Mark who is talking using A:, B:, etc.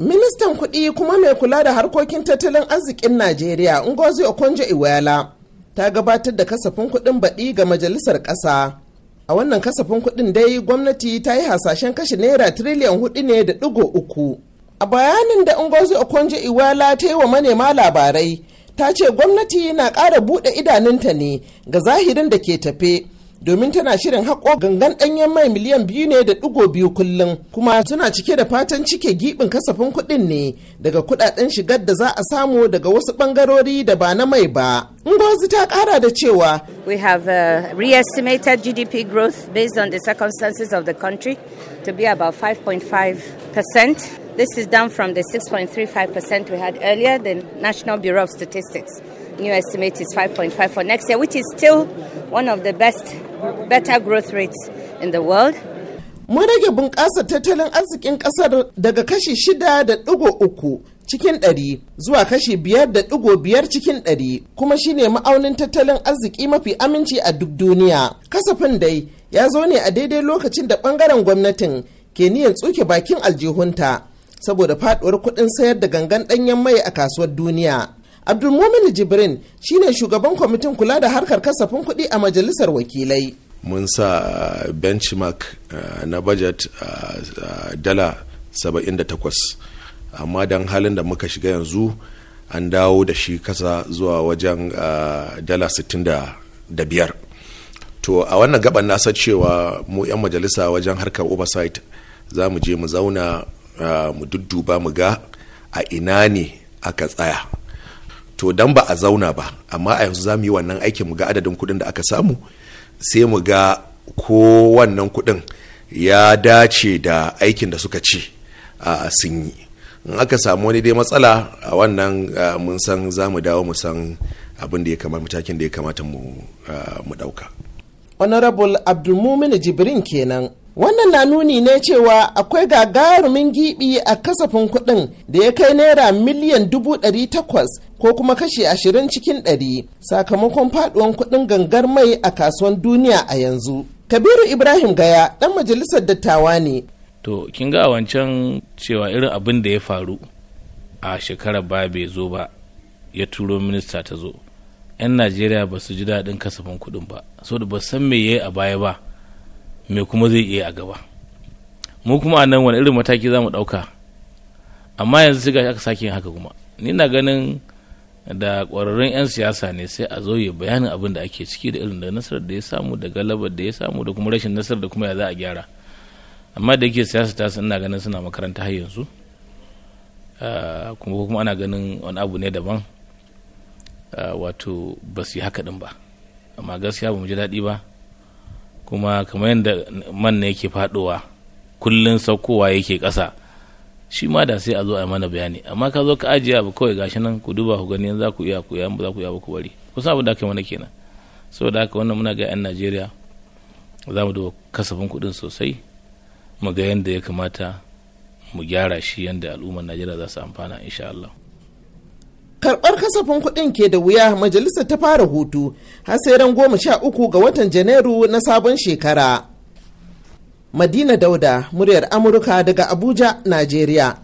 A: Ministan kuɗi kuma mai kula da harkokin tattalin arzikin Najeriya Ngozi Okonjo Iweala ta gabatar da kasafin kuɗin baɗi ga majalisar ƙasa. A wannan kasafin kuɗin dai gwamnati ta yi hasashen kashe naira tiriliyan hudu ne da ɗigo uku. A bayanin da Ngozi Okonjo Iweala ta yi wa manema labarai ta ce gwamnati na ƙara buɗe idanunta ne ga zahirin da ke tafe. domin tana shirin haƙo gangan ɗanyen mai miliyan biyu ne da ɗigo biyu kullum kuma suna cike da fatan cike giɓin kasafin kuɗin ne daga kuɗaɗen shigar da za a samu daga wasu ɓangarori da ba na mai ba. Ngozi ta ƙara da cewa We have uh, re-estimated GDP growth based on the circumstances of the country to be about 5.5 percent. This is down from the 6.35 percent we had earlier, the National Bureau of Statistics. new estimate is 5.5 for next year, which is still one of the best, better growth rates in the world. Mun rage bunƙasar tattalin arzikin ƙasar daga kashi shida da ɗigo uku cikin ɗari zuwa kashi biyar da ɗigo biyar cikin ɗari kuma shine ma'aunin tattalin arziki mafi aminci a duk duniya. Kasafin dai ya zo ne a daidai lokacin da ɓangaren gwamnatin ke niyan tsuke bakin aljihunta saboda faɗuwar kuɗin sayar da gangan ɗanyen mai a kasuwar duniya. abdulmumin jibrin shine shugaban kwamitin kula da harkar kasafin kuɗi a majalisar wakilai
B: mun sa uh, benchmark uh, na budget uh, dala saba'in dala 78 amma don halin da muka shiga yanzu an dawo da shi kasa zuwa wajen dala 65 to a wannan gaban nasa cewa mu 'yan majalisa wajen harkar oversight za mu je mu zauna mu dudduba mu ga a ina ne aka tsaya to dan ba a zauna ba amma a yanzu za mu yi wannan aikin mu ga adadin kuɗin da aka samu sai mu ga ko wannan kuɗin ya dace da aikin da suka ce a sun yi in aka samu wani dai matsala a wannan mun san za mu dawo mu san abin da ya kamata matakin da ya kamata mu ɗauka.
A: honorable abdulmumin jibrin kenan wannan na nuni ne cewa akwai gagarumin gibi a kasafin kuɗin da ya kai naira miliyan dubu ɗari takwas ko kuma kashi ashirin cikin ɗari sakamakon faɗuwar kuɗin gangar mai a kasuwan duniya a yanzu kabiru ibrahim gaya ɗan majalisar dattawa ne
C: to kin ga wancan cewa irin abin da ya faru a shekarar ba bai zo ba ya turo minista ta zo 'yan najeriya ba su ji daɗin kasafin kuɗin ba saboda ba san me ya yi a baya ba me kuma zai iya a gaba mu kuma a nan wani irin mataki za mu ɗauka amma yanzu sai aka sake yin haka kuma ni na ganin da ƙwararrun 'yan siyasa ne sai a zo ya bayanin abin da ake ciki da irin da nasarar da ya samu da galabar da ya samu da kuma rashin nasarar da kuma ya za a gyara amma da yake siyasa ta ina ganin suna makaranta har yanzu ah, kuma kuma ana ganin wani abu ne daban ah, wato ba su yi haka din ba amma gaskiya ba mu ji daɗi ba kuma kamar yadda man ne yake faɗowa kullum saukowa yake ƙasa shi ma da sai a zo a mana bayani amma ka zo ka ajiye abu kawai gashi nan ku duba ku gani yanzu za ku iya ku yan za ku iya ku bari kusa abu da kai mana kenan saboda haka wannan muna ga yan Najeriya za mu duba kasafin kuɗin sosai mu ga yadda ya kamata mu gyara shi yadda al'ummar Najeriya za su amfana insha Allah
A: karbar kasafin kudin ke da wuya majalisar ta fara hutu har sai ran goma sha uku ga watan janairu na sabon shekara madina dauda muryar amurka daga abuja najeriya